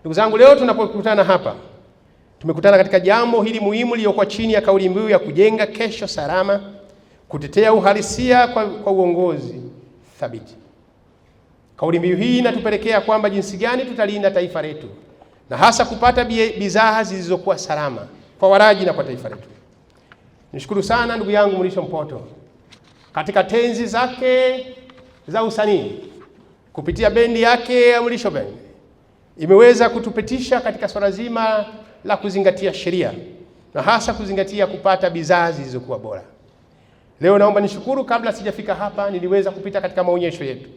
Ndugu zangu, leo tunapokutana hapa, tumekutana katika jambo hili muhimu liliyokuwa chini ya kauli mbiu ya kujenga kesho salama, kutetea uhalisia kwa, kwa uongozi thabiti. Kauli mbiu hii inatupelekea kwamba jinsi gani tutalinda taifa letu na hasa kupata bidhaa zilizokuwa salama kwa waraji na kwa taifa letu. Nishukuru sana ndugu yangu Mrisho Mpoto katika tenzi zake za usanii kupitia bendi yake ya Mrisho Bendi imeweza kutupitisha katika swala zima la kuzingatia sheria na hasa kuzingatia kupata bidhaa zilizokuwa bora. Leo naomba nishukuru, kabla sijafika hapa niliweza kupita katika maonyesho yetu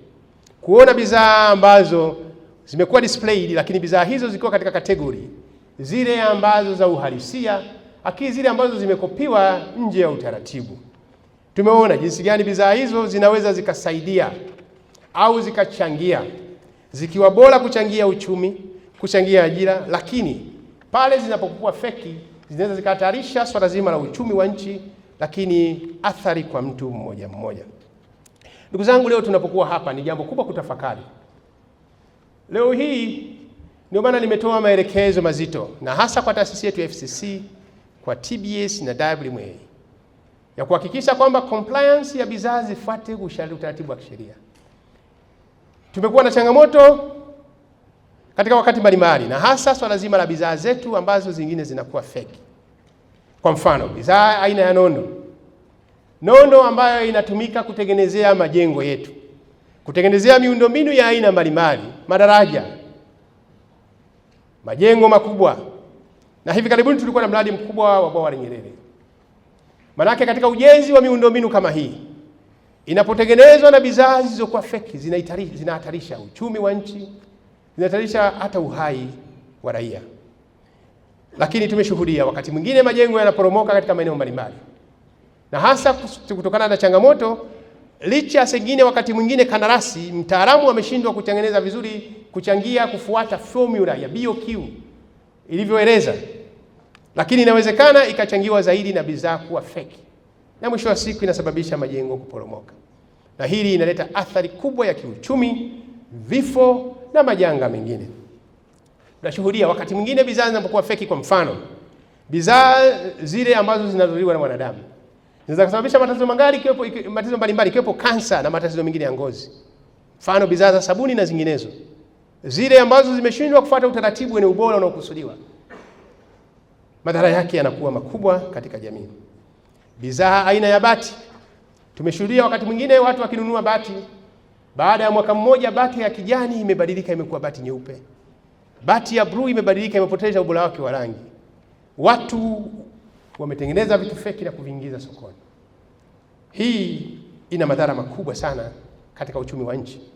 kuona bidhaa ambazo zimekuwa displayed, lakini bidhaa hizo zikiwa katika kategori zile ambazo za uhalisia, lakini zile ambazo zimekopiwa nje ya utaratibu. Tumeona jinsi gani bidhaa hizo zinaweza zikasaidia au zikachangia zikiwa bora kuchangia uchumi, kuchangia ajira, lakini pale zinapokuwa feki zinaweza zikahatarisha swala zima la uchumi wa nchi, lakini athari kwa mtu mmoja mmoja. Ndugu zangu, leo tunapokuwa hapa ni jambo kubwa kutafakari. Leo hii ndio maana nimetoa maelekezo mazito, na hasa kwa taasisi yetu ya FCC, kwa TBS na WMA ya kuhakikisha kwamba compliance ya bidhaa zifuate utaratibu wa kisheria. Tumekuwa na changamoto katika wakati mbalimbali, na hasa swala zima la bidhaa zetu ambazo zingine zinakuwa feki. Kwa mfano, bidhaa aina ya nondo, nondo ambayo inatumika kutengenezea majengo yetu, kutengenezea miundombinu ya aina mbalimbali, madaraja, majengo makubwa, na hivi karibuni tulikuwa na mradi mkubwa wa bwawa la Nyerere. Manake katika ujenzi wa miundombinu kama hii inapotengenezwa na bidhaa zilizokuwa feki zinahatarisha uchumi wa nchi, zinahatarisha hata uhai wa raia. Lakini tumeshuhudia wakati mwingine majengo yanaporomoka katika maeneo mbalimbali, na hasa kutokana na changamoto licha ya sengine, wakati mwingine kandarasi mtaalamu ameshindwa kutengeneza vizuri, kuchangia kufuata formula ya BOQ ilivyoeleza, lakini inawezekana ikachangiwa zaidi na bidhaa kuwa feki na mwisho wa siku inasababisha majengo kuporomoka, na hili inaleta athari kubwa ya kiuchumi, vifo na majanga mengine. Tunashuhudia wakati mwingine bidhaa zinapokuwa feki. Kwa mfano, bidhaa zile ambazo zinazuliwa na mwanadamu zinaweza kusababisha matatizo mangali kiwepo matatizo mbalimbali kiwepo kansa na matatizo mengine ya ngozi. Mfano, bidhaa za sabuni na zinginezo zile ambazo zimeshindwa kufuata utaratibu wenye ubora unaokusudiwa, madhara yake yanakuwa makubwa katika jamii bidhaa aina ya bati. Tumeshuhudia wakati mwingine watu wakinunua bati, baada ya mwaka mmoja bati ya kijani imebadilika imekuwa bati nyeupe, bati ya bluu imebadilika imepoteza ubora wake wa rangi. Watu wametengeneza vitu feki na kuviingiza sokoni. Hii ina madhara makubwa sana katika uchumi wa nchi.